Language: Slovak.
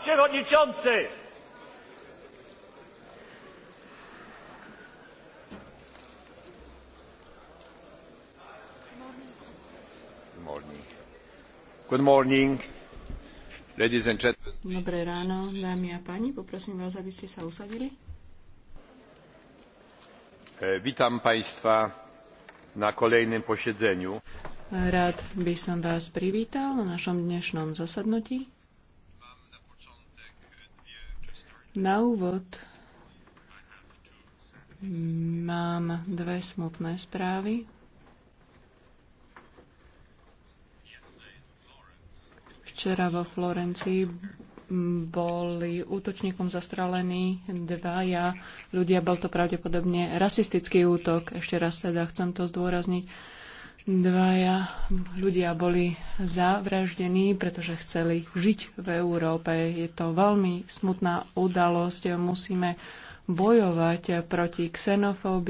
przewodniczący! Good morning. Ladies and gentlemen. Dobré ráno, dámy a páni. Poprosím vás, aby ste sa usadili. Vítam e, Państwa na kolejnym posiedzeniu. Rád by som vás privítal na našom dnešnom zasadnutí. Na úvod mám dve smutné správy. Včera vo Florencii boli útočníkom zastrelení dvaja ľudia. Bol to pravdepodobne rasistický útok. Ešte raz teda chcem to zdôrazniť Dvaja ľudia boli zavraždení, pretože chceli žiť v Európe. Je to veľmi smutná udalosť. Musíme bojovať proti xenofóbii.